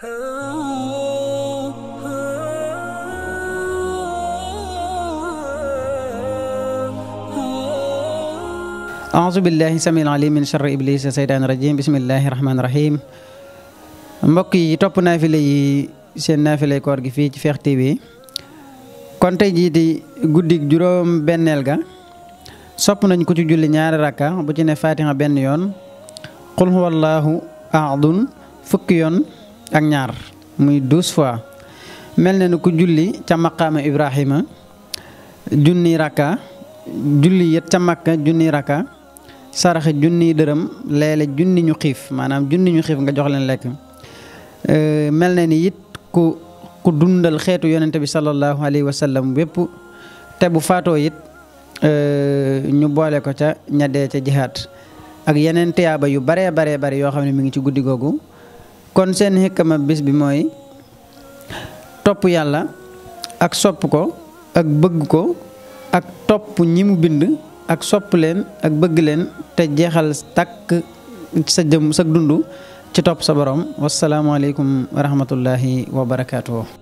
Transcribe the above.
aouzu billahi samil alim min sharri iblis seytaani rajim bismillahi rahmaani mbokk yi topp naafile yi seen naafile koor gi fii ci Fekh TV kon tey jii di guddig juróom benneel ga sopp nañ ku ci julli ñaari rakka bu ci ne fatiha benn yoon qul huwallahu ahadun fukki yoon ak ñaar muy douze fois mel na ni ku julli ca maqaama Ibrahima junni rakka julli yët ca Makka junni rakka saraxe junni dërëm leele junni ñu xiif maanaam junni ñu xiif nga jox leen lekk mel na ni it ku ku dundal xeetu yonente bi sallallahu alayhi wa sallam bépp te bu faatoo it ñu boole ko ca ña dee ca jihaad ak yeneen tiyaaba yu baree bare bari yoo xam ne mu ngi ci guddi googu kon seen xikma bés bi mooy topp yàlla ak sopp ko ak bëgg ko ak topp ñi mu bind ak sopp leen ak bëgg leen te jeexal takk sa jëm sa dund ci topp sa borom wasalaamaaleykum wa rahmatullahi wa barakaatu.